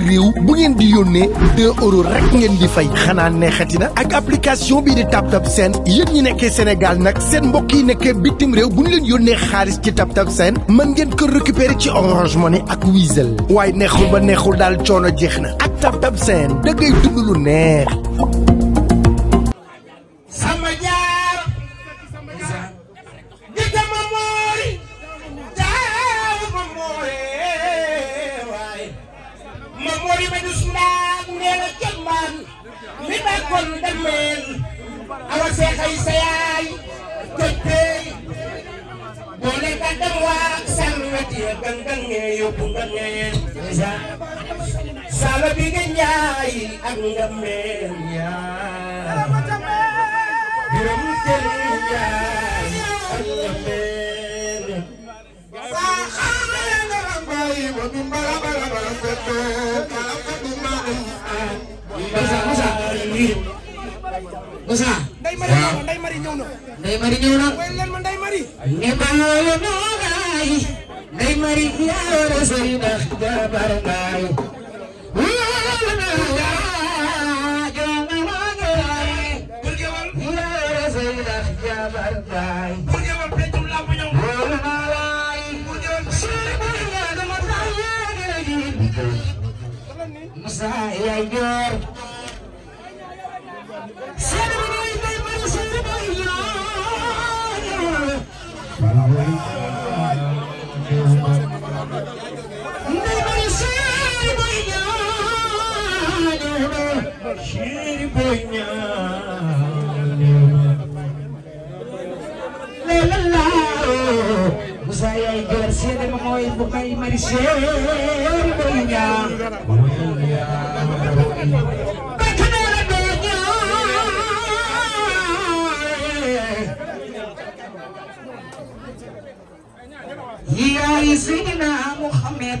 biir réew bu ngeen di yónnee deux euros rek ngeen di fay xanaa neexati na ak application bii di tab Send yéen ñi nekkee Sénégal nag seen mbokk yi nekkee bitim réew bu ñu leen yónnee xaalis ci TapTap Send man ngeen kër récupérer ci Orange ni ak Wizall waaye neexul ba neexul daal coono jeex na ak TapTap Send da ngay dund lu neex gàngange yóbbu gàngange sa sala bi nga njaay ak ngamme njaay biram tel njaay ak ngamme sa xaale nga rabbayi wa min bala bala bala fete kala fete ma Musa Musa Musa Ndey Mari Ndey Mari ñëw na Ndey Mari ñëw na way leen ma Ndey Mari ne baalo no gaay day mari yaara sey ndax jabar naay Musa yaay joor yaay Seydina Muhammad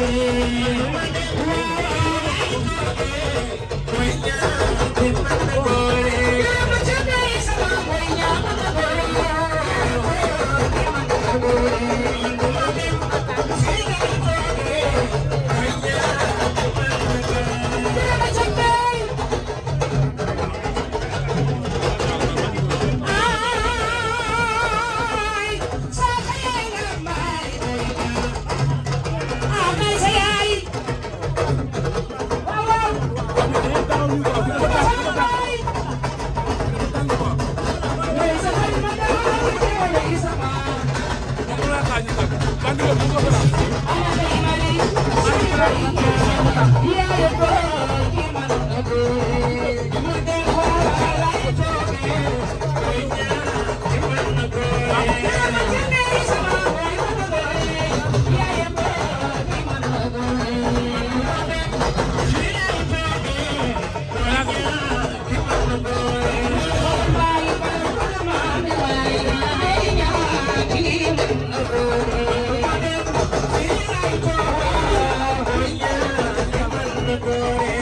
Thank you. করে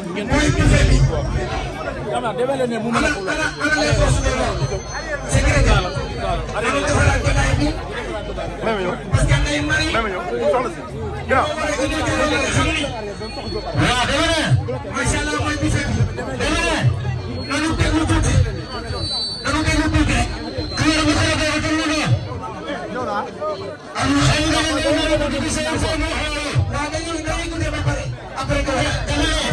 ngeen ngeen dama demale ne mu mën a ko Thank you.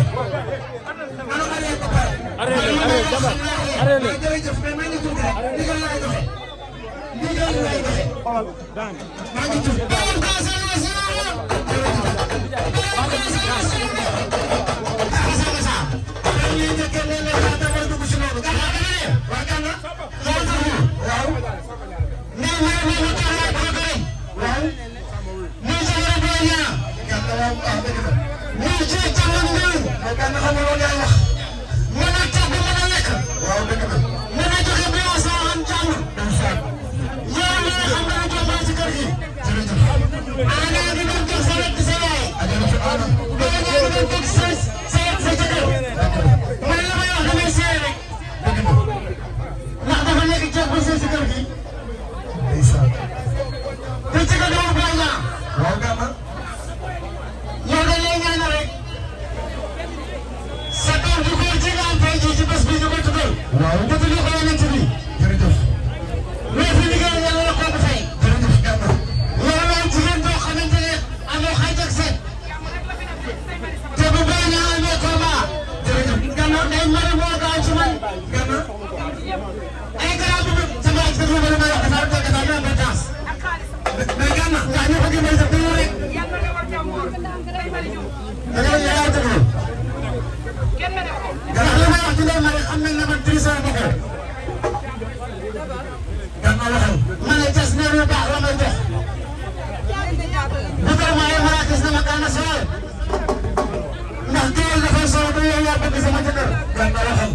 waaw ay garab yu bëri sama ak dëgg la may wax dafa am dafa am importance mais gànna ndax ñëpp a ngi may def dañoo rek da ngay yaay dëgg ndax li may wax ci loolu ma ne xam nañ ne man trisoir ba ko dama waxal ma ne cas ne lu baax la may jox bu ko ma ay maraatis na ma gànna soxal ndax kii dafay soxal ba yow yaa bëgg sama jëkkër dama waxal